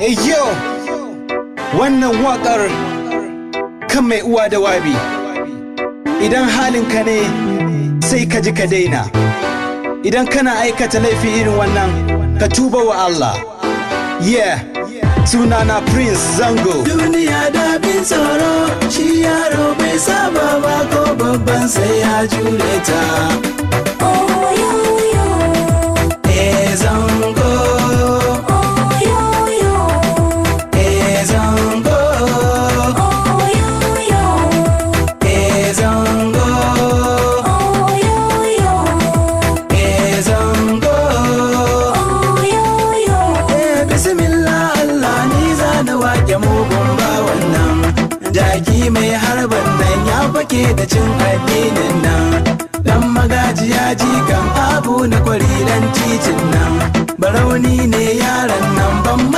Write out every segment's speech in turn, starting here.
Hey yo, wannan waƙar kan mai uwa da wabi. Idan halinka ne sai ka ji ka daina. Idan kana aikata laifi irin wannan ka tuba wa Allah. Yeah, sunana Prince Zango. Duniya da bin tsoro, shi yaro bai saba ba ko babban sai ya jure ta. dace da cin addinin nan dan magajiya kan abu na kwariran titin nan barauni ne ya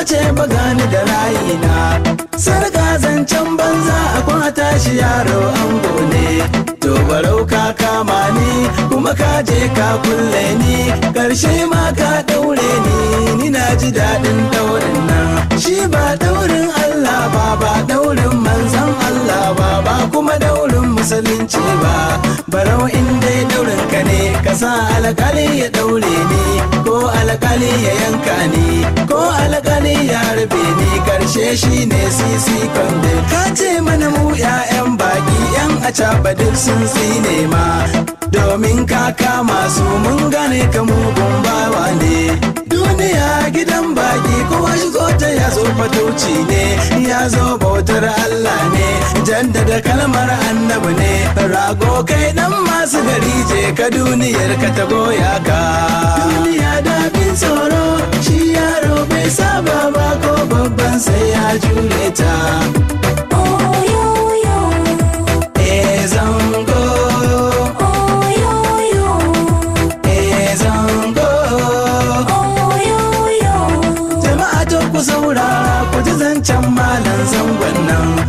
mace ba da rayina sarga zancen banza a kwata shi yaro an ne to barau ka kama ni kuma ka je ka kulle ni karshe ma ka daure ni ni na ji daɗin daurin na. shi ba daurin Allah ba ba daurin manzan Allah ba ba kuma daurin musulunci ba barau in dai daurin ka ne kasa alkali ya daure ni ko alkali ya yanka ni ko alkali ya harbe ni karshe shi ne sisi kande ka mana mu 'ya'yan baki 'yan acaba duk sun tsine ma domin ka kama su mun gane ka mugun bawa ne duniya gidan baki kowa shigo ta ya zo fatauci ne ya zo bautar Allah ne jaddada kalmar annabi ne rago kai nan masu gari je ka duniyar ka ta goya ka duniya bin tsoro shi yaro bai saba ba ko babban sai ya jure ta e e ku saurara ku ji zancen malam zangon nan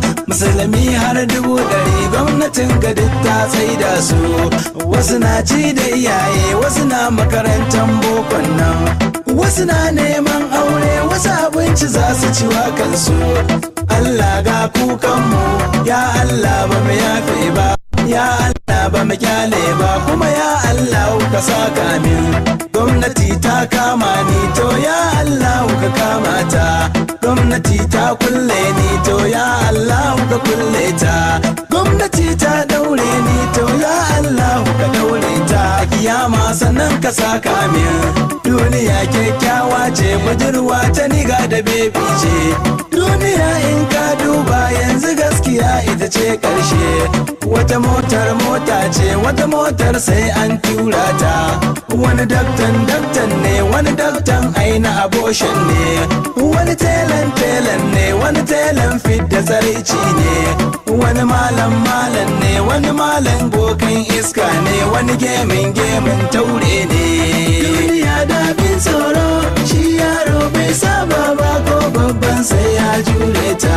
musulmi har dubu ɗari gwamnatin gadin ta tsaida su wasu na ci da iyaye wasu na makarantar bokon nan wasu na neman aure wasu abinci za su ci wa kansu Allah ga kukanmu ya Allah ba mu yafe ba ya Allah ba mu kyale ba kuma ya Allah ka saka min gwamnati ta kama ni to ya Allah ka kama ta gwamnati ta kulle ni to ya Allah ka kulle ta gwamnati ta daure ni to ya Allah ka daure ta kiyama sannan ka saka min duniya kyakkyawa ce budurwa ta niga da bebi ce duniya in ka duba yanzu gaskiya ita ce karshe wata motar mota ce wata motar sai an tura ta wani daktan daktan ne wani daktan aina aboshin ne wani tsaraici ne wani malam malam ne wani malam bokan iska ne wani gemin gemin taure ne duniya da bin tsoro shi yaro bai saba ba ko babban sai ya jure ta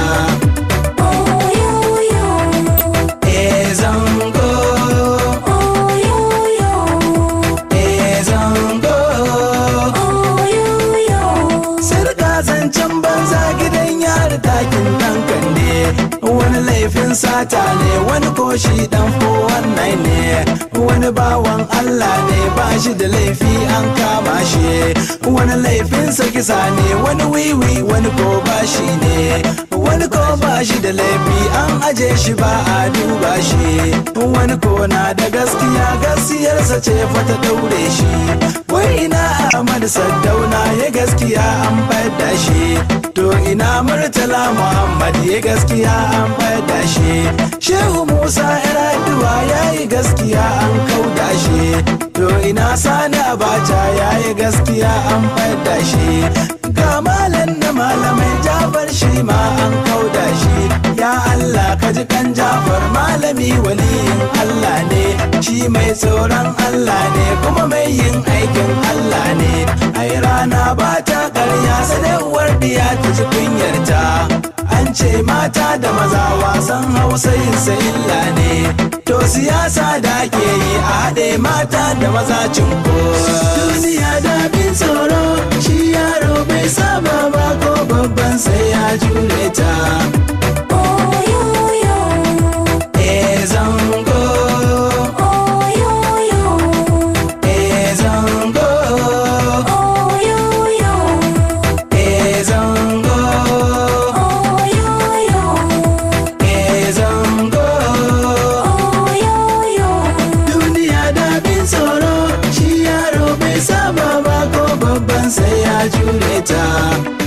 sata ne wani ko shi dan wannan ne wani bawan Allah ne ba shi da laifi an kama shi wani laifinsa kisa ne wani wiwi wani ko ba shi ne wani ko ba shi da laifi an aje shi ba a duba shi wani ko na da gaskiya gaskiyarsa ce fata daure shi wai ina Ahmad Saddauna ya gaskiya an fadda shi to ina Murtala Muhammad ya gaskiya an tashe shehu musa yar addu'a yi gaskiya an kauda shi to ina sani abacha yi gaskiya an fada shi ga malam na malamai jafar shi ma an kauda shi ya allah ka ji kan jafar malami yin allah ne shi mai tsoron allah ne kuma mai yin aikin allah ne ai rana ba ta karya sanarwar diya ta ji kunyarta ce mata da maza wasan hausa yin sa illa ne to siyasa da ake yi a haɗe mata da maza cinko jure ta